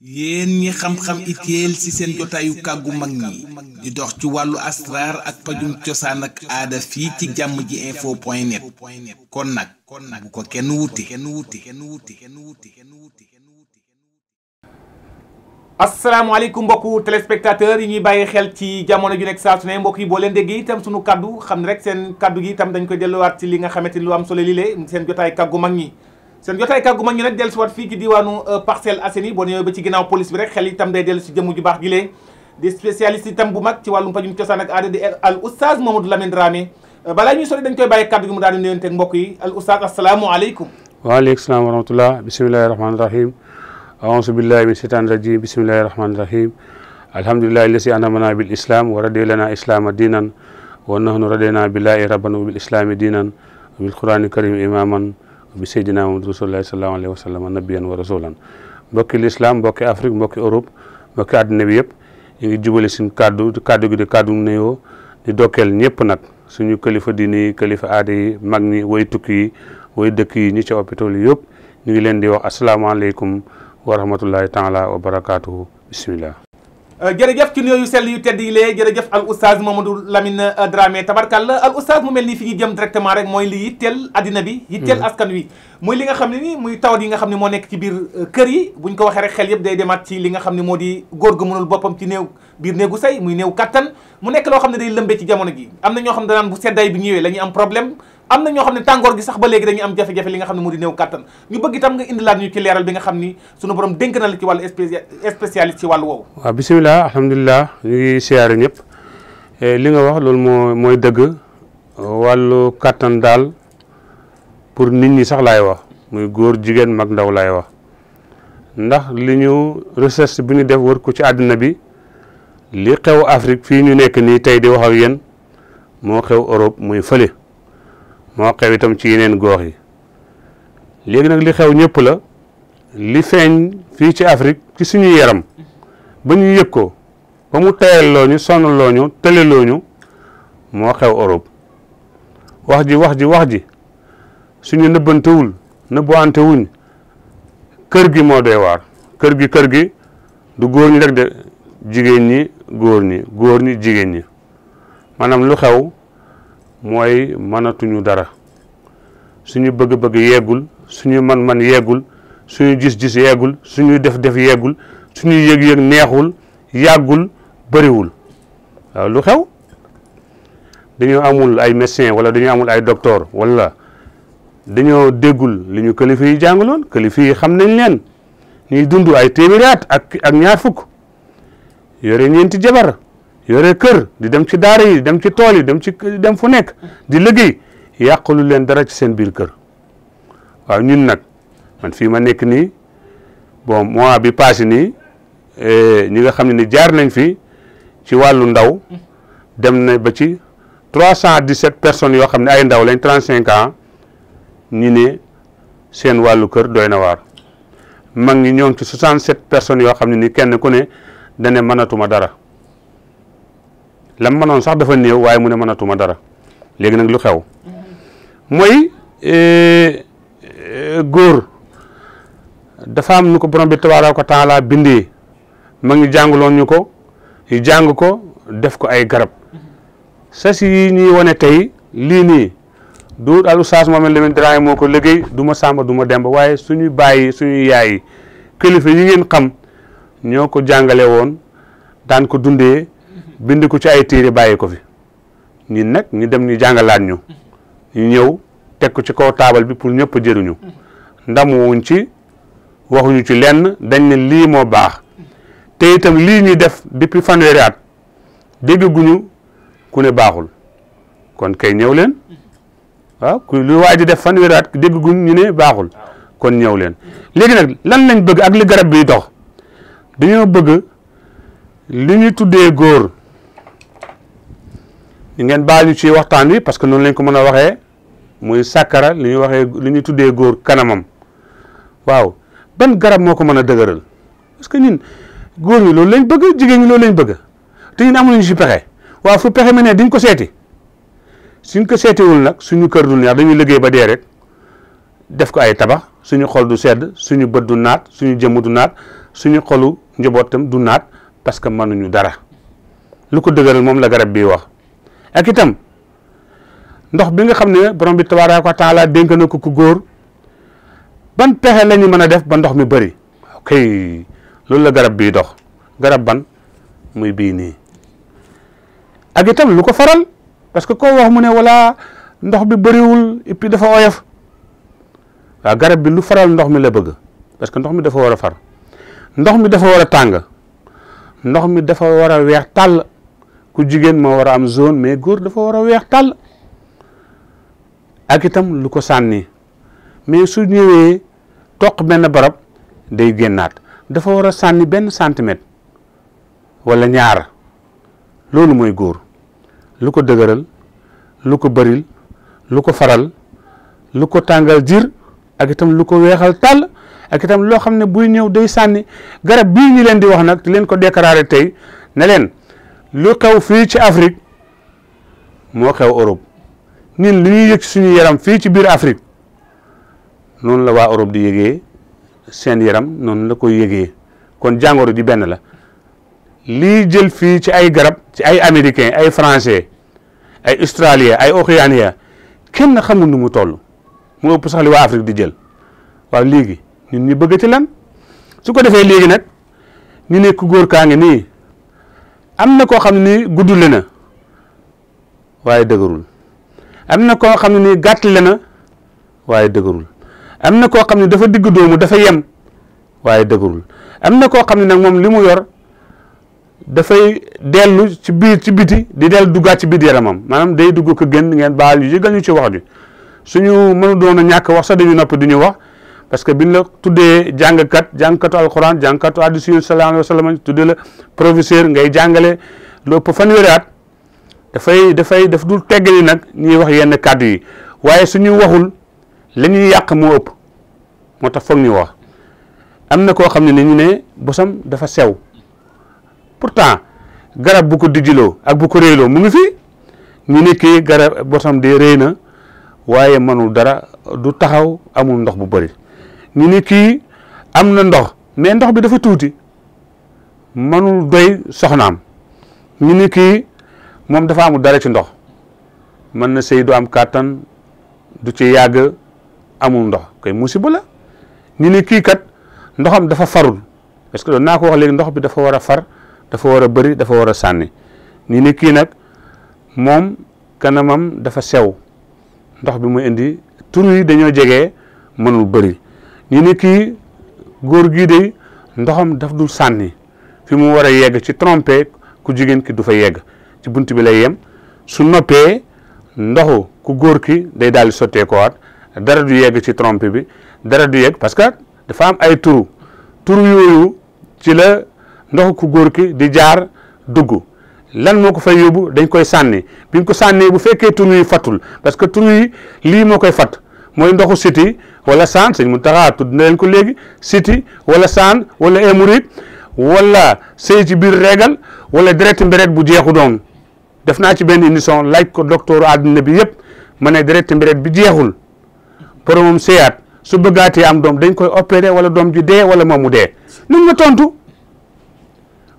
yéen ñi xam-xam itéel ci seen jotaayu kàggu mag ñi di dox ci wàllu asraar ak pajum cosaan ak aada fii ci jàmm ji info point net kon nag bu ko kenn wuti asalaamaaleykum mbokku téléspectateur yi ñu bàyyi xel ci jamono ju nekk saa su ne mbokk yi boo leen déggee itam sunu kaddu xam ne rek seen kaddu gi itam dañ koy delluwaat ci li nga xamante ni lu am solo lii seen jotaay kàggu mag ñi seen jotaay kàggu mag ñi nag dellu si waat fii ci diwaanu euh, Parcelles Assainies boo ñëwee ba ci police bi rek xel itam day dellu si jëmm ju di spécialiste itam bu mag ci wàllum pajum cosaan ak al oustaz Mamadou Lamine Dramé euh, balaa ñuy sori dañ koy bàyyi kàddu gi mu daal di nuyoonteeg yi al oustaz asalaamaaleykum waaleykum salaam wa rahmatullah bisimilahi rahmaani rahim aousu billahi min sheytaani rajim bisimilahi rahmaani rahim alhamdulilahi lasi anamana bil islam wa radi lana islama diinan wa nahnu radina billahi rabbana bil islami diinan bi seydina Muhammad rasulullahi sallallahu alayhi wa sallam nabiyan wa rasulan mbokki lislaam mbokki afrik bokki Europe mbokki àddina bi yëpp ñu ngi jubale suñ kàddu kàddu gi di kàddu nuyoo di dokkeel ñëpp nag suñu kilifa diine yi kilifa aada yi mag ñi way tukki yi way dëkk yi ñi ci hôpital yi yëpp ñu ngi leen di wax asalaamaaleykum wa rahmatullahi taala wa barakaatuhu bismillah Euh, jërëjëf ci nuyoo yu sell yu tedd yi lee jërëjëf al oustaz Mamadou Lamine euh, Dramé la al oustaz mu mel nii fi ñu jëm directement rek mooy li yitteel addina bi yitteel hmm. askan wi muy li nga xam ne ni muy tawat yi nga xam ne moo nekk ci biir euh, kër yi buñ ko waxee rek xel yëpp day demat ci li nga xam ne moo di góor gu mënul boppam ci néew biir néegu say muy néew kattan mu nekk loo xam ne day lëmbee ci jamono gi am na ñoo xam ne danaan bu seddaay bi ñëwee la ñuy am na ñoo xam ne tàngoor gi sax ba léegi dañuy am jafe-jafe li nga xam ne moo di néew kàttan ñu bëgg itam nga indilaat ñu ci leeral bi nga xam ni sunu borom dénk na la ci wàllu spécialiste ci wàllu woowu bisimilah alhamdulilah ñu ngi siyaare ñëpp eh, li nga wax loolu moo mooy dëgg wàllu kàttan daal pour nit ñi sax laay wax muy góor jigéen mag ndaw laay wax ndax li ñu recherche bu ñu def war ko ci àddina bi li xew Afrique fii ñu nekk nii tey di wax ak yéen moo xew Europe muy fële moo xew itam ci yeneen goox yi léegi nag li xew ñëpp la li feeñ fii ci Afrique ci suñu yaram ba ñu yëg ko ba mu tayal loo ñu sonn loo ñu tële ñu moo xew Europe wax ji wax ji wax ji suñu nëbbantewul nëbbuwante kër gi moo doy waar kër gi kër gi du góor ñi rek de jigéen ñi góor ñi góor ñi jigéen ñi maanaam lu xew mooy mënatuñu dara suñu bëgg-bëgg yeggul suñu man-man yeegul suñu gis-gis yeegul suñu def-def yeegul suñu yëg-yëg neexul yàggul bëriwul waaw lu xew dañoo amul ay médecin wala dañu amul ay docteur walla dañoo déggul li ñu kilifa yi jàngaloon kilifa yi xam nañ leen ñuy dund ay téeméeri at ak ak ñaar fukk yore ti jabar yore kër di dem ci daara yi di dem ci tool yi dem ci dem fu nekk di liggéey yàqalu leen dara ci seen biir kër waaw ñun nag man fii ma nekk nii bon mois bi passé nii eh, ñi nga xam ne ni jaar nañ fi ci wàllu ndaw dem na ba ci trois cent dix sept personnes yoo xam ne ay ndaw lañ trente cinq ans ñi ne seen wàllu kër dooy na waar mag ñi ñoo ngi ci soixante sept personnes yoo xam ne ni kenn ku ne dane mënatuma dara lam mënoon sax dafa néew waaye mu ne mënatuma dara léegi nag lu xew mooy e, e, góor dafa am nu ko borom bi ko taala bindee ma ngi jàngaloon ñu ko jàng ko def ko ay garab sas yi wane tey lii nii du al oustaz Mouhamed Lamine Dramé moo ko liggéey du ma sàmba du ma demba waaye suñu bàyyi suñu yaay yi kilifa yi ngeen xam ñoo ko jàngale woon daan ko dundee bind ko ci ay téere bàyyi ko fi ñun nag ñu dem ñu jàngalaat ñu ñu ñëw teg ko ci kaw taabal bi pour ñëpp jëriñu ndam wuñ ci waxuñu ci lenn dañ ne lii moo baax te itam lii ñuy def depuis fanweeri at dégguñu ku ne baaxul kon kay ñëw leen waaw ah, ku lu waa ji def fanweeri at dégguñ ñu ne baaxul kon ñëw leen léegi nag lan lañ bëgg ak li garab bi dox dañoo bëgg li ñu tuddee góor ngeen baal ñu ci waxtaan wi parce que noonu lañ ko mën a waxee muy sàkkara li ñuy waxee li ñuy tuddee góor kanamam waaw ban garab moo ko mën a dëgëral parce que ñun góor ñi loolu lañ bëgg jigéen ñi loolu lañ bëgg te ñun amuñu si pexe waaw fu pexe me ne diñ ko seeti suñ ko seetiwul nag suñu kër du neex dañuy liggéey ba dee rek def ko ay tabax suñu xol du sedd suñu bët du naat suñu jëmm du naat suñu xolu njabootam du naat parce que mënuñu dara lu ko dëgëral moom la garab bi wax ak itam ndox bi nga xam ne borom bi tabaaraka wa taala dénk na ko ku góor ban pexe la ñu mën a def ba ndox mi bëri ok loolu la garab bi dox garab ban muy bii nii ak itam lu ko faral parce que koo wax mu ne wala ndox bi bariwul et dafa oyof waaw garab bi lu faral ndox mi la bëgg parce que ndox mi dafa war a far ndox mi dafa war a tàng ndox mi dafa war a weex tàll ku jigéen moo war a am zone mais góor dafa war a weex tàll ak itam lu ko sànni mais su ñëwee toq benn barab day génnaat dafa war a sànni benn centimètre wala ñaar loolu mooy góor lu ko dëgëral lu ko bëril lu ko faral lu ko tàngal jir ak itam lu ko weexal tàll ak itam loo xam ne buy ñëw day sànni garab bii ñu leen di wax nag di leen ko déclaré tey ne leen lu xew fii ci Afrique moo xew Europe ñun lu ñuy yëg suñu yaram fii ci biir Afrique noonu la waa Europe di yëgee seen yaram noonu la koy yëgee kon jàngoro ji benn la lii jël fii ci ay garab ci ay américain ay français ay australien ay océanien kenn xamul nu mu toll mu ëpp sax li waa Afrique di jël waaw léegi ñun ñu bëgg ci su ko defee léegi nag ñu ne ku góor kaa ngi nii am na koo xam ne nii guddule na waaye dëgërul am na koo xam ne nii gàttale na waaye dëgërul am na koo xam ne dafa digg doomu dafa yem waaye dëgërul am na koo xam ne nag moom li mu yor dafay dellu ci biir ci biti di dellu duggaat ci biir yaramam maanaam day dugg ko gën ngeen baal ñu yëgal ñu ci wax ji suñu mënu doon a ñàkk wax sax dañu nopp di ñu wax parce que biñ la tuddee jàngkat jàngkatu alquran jàngkatu hadiis yi sallallahu alayhi wa sallam tuddee la professeur ngay jàngale lu ëpp fanweeri at dafay dafay daf dul teggali nag ñuy wax yenn kàddu yi waaye suñu waxul la yàq moo ëpp moo tax foog ñu wax am na koo xam ne ni ñu ne bosam dafa sew pourtant garab bu ko dijjiloo ak bu ko réyloo mu ngi fi ñu ne kii garab bosam di réy na waaye mënul dara du taxaw amul ndox bu bëri ñu ni kii am na ndox mais ndox bi dafa tuuti mënul doy soxnaam ñu ni kii moom dafa amul dara ci ndox mën na sëy du am kàttan du ci yàgg amul ndox koy musiba la ñu ni kii kat ndoxam dafa farul parce que doon naa ko wax léegi ndox bi dafa war a far dafa war a bëri dafa war a sànni ñu kii nag moom kanamam dafa sew ndox bi muy indi tur yi dañoo jege mënul bari ñu ne góor gii de ndoxam daf du sànni fi mu war a yegg ci trompé ku jigéen ki du fa yegg ci bunt bi lay yem su noppee ndoxu ku góor ki day daal di sotteekuwaat dara du yegg ci trompé bi dara du yegg parce que dafa am ay turu turu yooyu ci la ndoxu ku góor ki di jaar dugg lan moo ko fay yóbbu dañ koy sànni bi ko sànnee bu fekkee turu yi fattul parce que turu yi lii moo koy fatt mooy ndoxu siti wala saan sëñ Muntaxa tudd na leen ko léegi siti wala saan wala émurit wala sëy ci biir régal wala deret mbéret bu jeexu doon def naa ci benn émission laaj ko docteur àdduna bi yëpp ma ne deret mbéret bi jeexul boromam seeyaat su bëggaatee am doom dañ koy opéré wala doom ji dee wala mu dee nañ ma tontu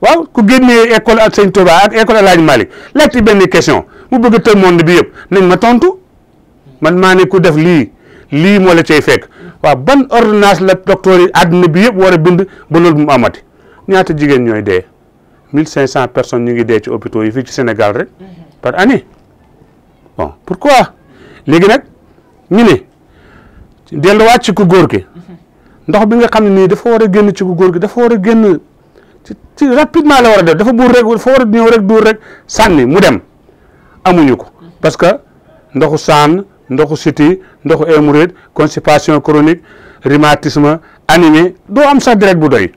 waaw ku génnee école ak sëñ Touba ak école El Hadj Malick laajte benn question mu bëgg a tëj monde bi yëpp nañ ma tontu man maa ne ku def lii lii moo la cay fekk waaw ban ordonnance la docteur yi àdduna bi yëpp war a bind ba loolu mu amati ñaata jigéen ñooy dee mille cinq cent personnes ñu ngi dee ci hôpitaux yi fii ci Sénégal rek mhm. par année bon pourquoi léegi nag ñu ne delluwaat ci ku góor gi mhm. ndox bi nga xam ne nii dafa war a génn ci ku gi dafa war a génn ci ci rapidement la war a def dafa buur rek dafa war a ñëw rek duur rek sànni mu dem amuñu ko mhm. parce que ndoxu saan ndoxu cité ndoxu hémorroïde constipation chronique rhumatisme anémie doo am sax deret bu doy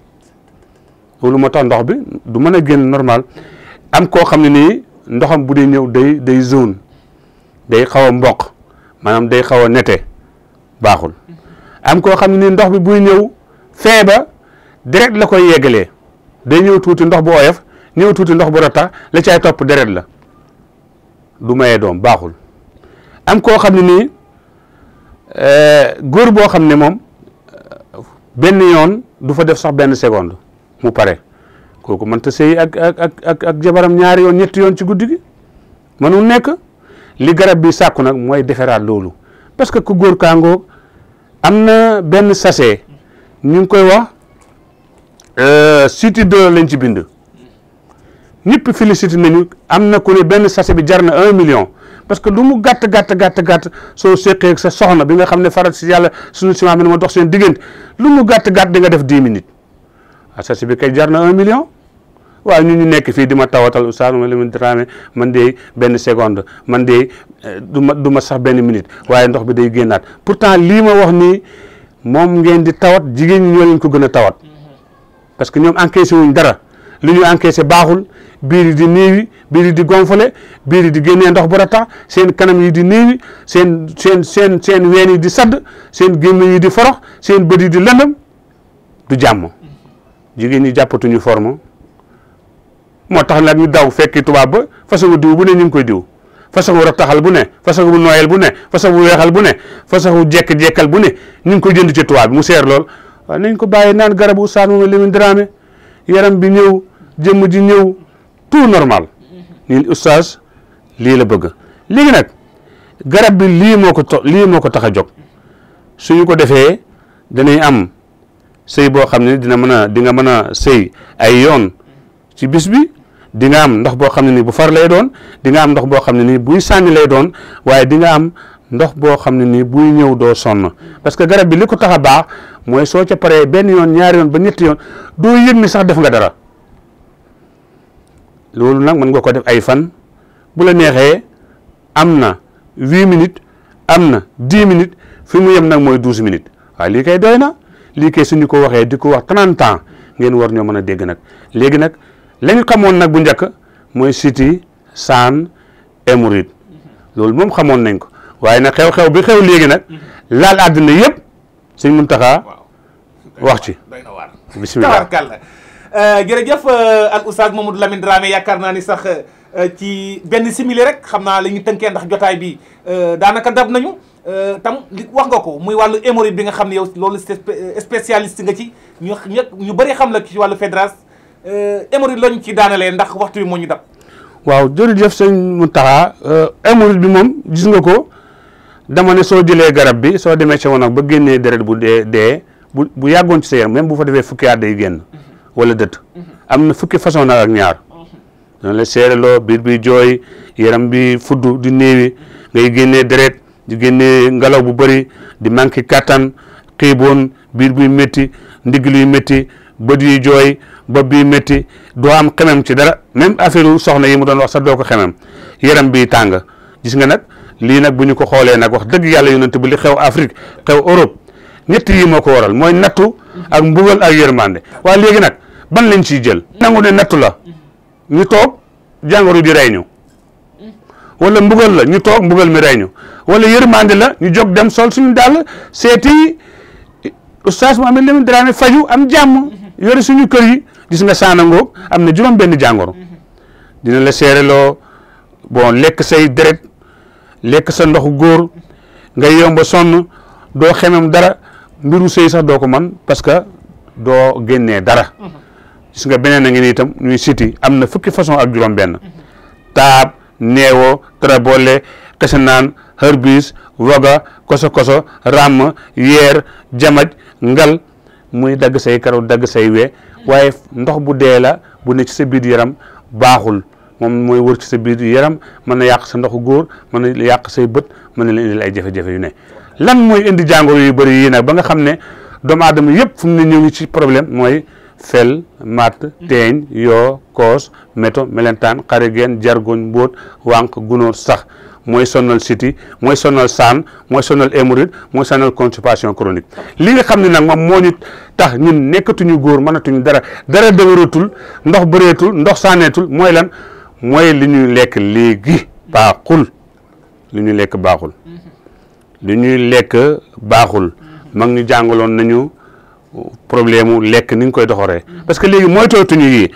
loolu moo tax ndox bi du mën a génn normal am koo xam ne nii ndoxam bu dee ñëw day day zone day xaw a mboq maanaam day xaw a nete baaxul am koo xam ne nii ndox bi buy ñëw feeba ba deret la koy yeggalee day ñëw tuuti ndox bu oyof ñëw tuuti ndox bu rata la ci ay topp deret la du mayee doom baaxul am koo xam ne nii euh, góor boo xam ne moom benn yoon du fa def sax benn seconde mu pare kooku mën ta sëy ak ak ak jabaram ñaari yoon ñetti yoon ci guddi gi mënul nekk li garab bi sàkku nag mooy deferaat loolu parce que ku góor kaangoo am na benn sachet ñu ngi koy wax suti euh, de lañ ci bind ñëpp félicité ñu am na ku ne benn sachet bi jar na un million parce que lu mu gàtt gàtt gàtt gàtt soo séqee sa soxna bi nga xam ne faral si yàlla suñu ciment bi ne ma dox seen diggante lu mu gàtt gàtt di nga def dix minutes ah sachet bi kay jar na un million waaw ñu ñu nekk fii di ma tawatal oustaz ma leen dramé man de benn seconde man de eh, du ma du ma sax benn minute waaye ndox bi day génnaat pourtant lii ma wax nii moom ngeen di tawat jigéen ñi ñoo leen ko gën a tawat mm-hmm. parce que ñoom encaissé wuñ dara. li ñuy se baaxul biir yi di néewi biir yi di gonfale biir yi di génnee ndox bu rata seen kanam yi di néewi seen seen seen seen ween yi di sadd seen gémmiñ yi di forox seen bët yi di lëndëm du jàmm jigéen ñi jàppatuñu forme moo tax nag ñu daw fekki tubaab ba façon diw bu ne ñu ngi koy diw façon rattaxal bu ne façon bu nooyal bu ne façon bu weexal bu ne façon jekk-jekkal bu ne ñu ngi koy jënd ci tubaab mu seer lool nañ ko bàyyi naan garabu Oustaz Mamadou Lamine jëmm ji ñëw tout normal ñun mm-hmm. oustaz lii la bëgg léegi nag garab bi lii moo ko to lii moo ko tax a jóg suñu ko defee danañ am sëy boo xam ne dina mën a di nga mën a sëy ay yoon ci bis bi di nga am ndox boo xam ne nii bu far lay doon di nga am ndox boo xam ne nii buy sànni lay doon waaye di nga am ndox boo xam ne nii buy ñëw doo sonn parce que garab bi li ko tax a baax mooy soo ca paree benn yoon ñaari yoon ba ñetti yoon doo yëg ni sax def nga dara loolu nag mën nga ko def ay fan bu la neexee am na huit minutes am na dix minutes fi mu yem nag mooy douze minutes waa lii kay doy na lii kay suñu ko waxee di ko wax trente ans ngeen war ñoo mën a dégg nag léegi nag lañ xamoon nag bu njëkk mooy siti saan émouride loolu moom xamoon nañ ko waaye nag xew-xew bi xew léegi nag laal àddina yëpp suñ mun taxaa wax ci bismillah Euh, jërëjëf euh, ak oustaz Mamadou Lamine Dramé yaakaar naa ni sax euh, ci benn simili rek xam naa la tënkee ndax jotaay bi daanaka dab nañu tam li wax nga ko muy wàllu hémorroïde bi nga xam ne yow loolu spécialiste nga ci ñu ñu bari xam la ci wàllu Fedras hémorroïde lañu ci daanalee ndax waxtu bi moo ñu dab. waaw jërëjëf mu Mountakha hémorroïde bi moom gis nga ko dama ne soo jëlee garab bi soo demee si sa wanag ba génnee deret bu dee dee bu bu yàggoon ci sa yaram même bu fa defee fukki day génn. wala dëtt am na fukki façon nag ak ñaar dana la seereloo biir bi jooy yaram bi fudd di néewi ngay génnee deret di génne ngelaw bu bëri di manqué kattan xiiboon biir bi métti ndigg luy métti bët yuy jooy bopp biy metti doo am xemem ci dara même affaire soxna yi mu doon wax sa doo ko xemem yaram bi tàng gis nga nag lii nag bu ñu ko xoolee nag wax dëgg yàlla yonent bi li xew Afrique xew Europe ñett yi moo ko waral mooy nattu ak mbugal ak yërmande waaye léegi nag ban lañ ciy jël nangu ne nattu la ñu toog jàngoro di rey ñu wala mbugal la ñu toog mbugal mi rey ñu wala yërmande la ñu jóg dem sol suñu dal seeti oustaz Mouhamed Lamine Dramé faju am jàmm yore suñu kër yi gis nga saanangoog am na juróom benn jàngoro dina la seereloo bon lekk say deret lekk sa ndoxu góor nga yomba sonn doo xemem dara mbiru sëy sax doo ko man parce que doo génnee dara gis nga beneen a ngi nii itam ñuy siti am na fukki façon ak juróom benn taab neewo trabole kasanaan herbis waga koso-koso ràmm yeer jamaj ngal muy dagg say karaw dagg say we waaye ndox bu dee la bu nekk ci sa biir yaram baaxul moom mooy wër ci sa biir yaram mën na yàq sa ndoxu góor mën na yàq say bët mën na leen indil ay jafe-jafe yu ne lan mooy indi jàngoro yu bëri yii nag ba nga xam ne doomu aadama yëpp fu mu ne ñëw ngi ci problème mooy fel matt teeñ yoo koos méto melentaan xarigeen jargoñ mbóot wànq gunóor sax mooy sonal siti mooy sonal saan mooy sonal hémorroïde mooy sonal constipation chronique li nga xam ne nag moom moo ñu tax ñun nekkatuñu góor mënatuñu dara dara dëgëratul ndox bëreetul ndox saaneetul mooy lan mooy li ñu lekk léegi baaxul li ñuy lekk baaxul mm-hmm. lu ñuy lekk baaxul mag ñu jàngaloon nañu problème mu lekk ni nga koy doxoree parce que léegi moytootuñu yii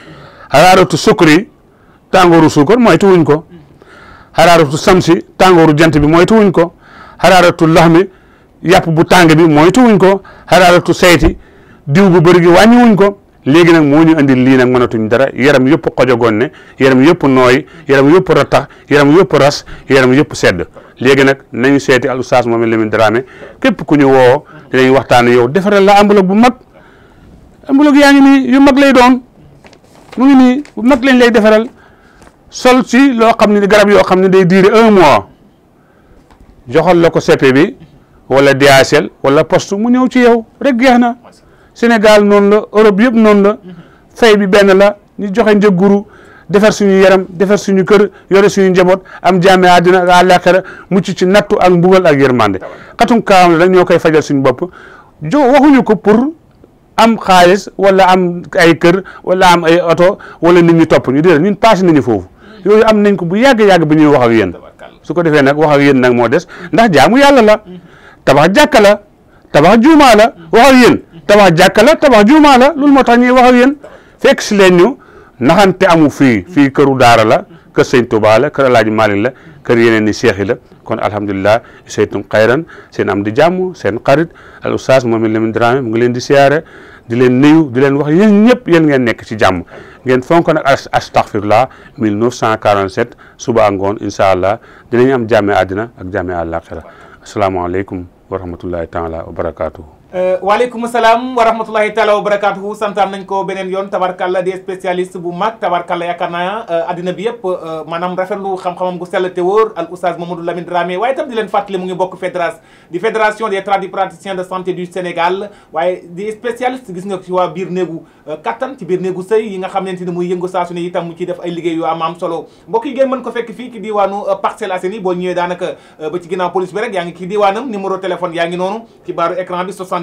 xaraaratu sukkri tàngooru suukar moytuwuñ ko xaraaratu samsi tàngooru jant bi moytuwuñ ko xaraaratu lax mi yàpp bu tàng bi moytuwuñ ko tu sayti diw bu bëri gi wàññiwuñ ko léegi nag moo ñu andi lii nag mënatuñ dara yaram yëpp xojogoon ne yaram yëpp nooy yaram yëpp rattax yaram yëpp ras yaram yëpp sedd léegi nag nañu seeti al oustaz moom Lamine Dramé képp ku ñu woo dinañ waxtaan yow defaral la ambulog bu mag ambulog yaa ngi nii yu mag lay doon mu ngi nii bu mag lañ lay defaral sol si loo xam ne garab yoo xam ne day diire un mois joxal la ko CP bi wala DHL wala poste mu ñëw ci yow rek geex na Sénégal noonu la Europe yëpp noonu la mhm. fay bi benn la ñu joxe njëgguru defar suñu yaram defar suñu kër yore suñu njaboot am jaame àddina ak àllaaxira mucc ci nattu ak mbugal ak mande xatum kaawam la ñoo koy fajal suñu bopp jo waxuñu ko pour am xaalis wala am ay kër wala am ay oto wala nit ñi topp ñu déedéet ñun passé nañu foofu yooyu am nañ ko bu yàgg-yàgg bu ñuy wax ak yéen su ko defee nag wax ak yéen nag moo des ndax jaamu yàlla la tabax jàkka la tabax juumaa la yéen tabax jàkka tabax juumaa la loolu moo tax ñu wax ak yéen fekk si leen ñu naxante amu fii fii këru daara la kër sëñ Tuubaa la kër Alaaji Maalik la kër yeneen ni seex la kon alhamdulilah seytum xayran seen am di jàmm seen xarit al oustaz moom Lamine Dramé mu ngi leen di siyaare di leen nuyu di leen wax yéen ñëpp yéen ngeen nekk si jàmm ngeen fonk nag astaghfirullah 1947 suba ngoon incha allah dinañ am jàmme àddina ak jàmme àllaaxira asalaamaaleykum wa rahmatullahi taala wa barakaatuhu Euh, waaleykum salaam wa rahmatulahi taala wa barakaatuhu santaan nañ ko beneen yoon tabarkalla di spécialiste bu mag tabarkalla yaakaar naa euh, addina bi yëpp euh, maanaam rafetlu xam-xamam gu sell te wóor al oustaz Mamadou Lamine Dramé waaye itam di leen fàttali mu ngi bokk fédération di fédération des tradipraticiens de santé du Sénégal waaye di spécialiste gis nga ci waa biir néegu kattan ci biir néegu sëy yi nga xam ne ni muy yëngu saa su ne itam mu ciy def ay liggéey yu am am solo mbokk yi ngeen ngi ci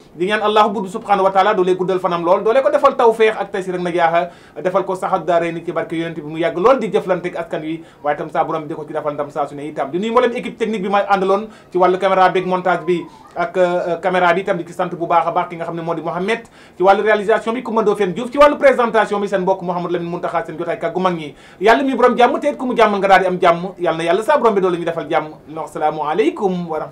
di ñaan allahu budd subhanahu wa taala doolee guddal fanam lool doolee ko defal tawfeex ak taysiir ak nag yaaxa defal ko saxat daare ni ci barke yonent bi mu yàgg lool di jëflante ak askan wi waaye tam saa bi di ko ci defal ndam saa su ne itam di nuyu mboolem équipe technique bi ma àndaloon ci wàllu caméra beeg montage bi ak euh, euh, caméra bi itam di ci sant bu baax a baax ki nga xam ne moo di Mohamed ci wàllu réalisation bi seen jotaay kàggu mag ñi yàlla mi borom na yàlla saa borom bi doolu ñu defal jàmm assalaamu aleykum wa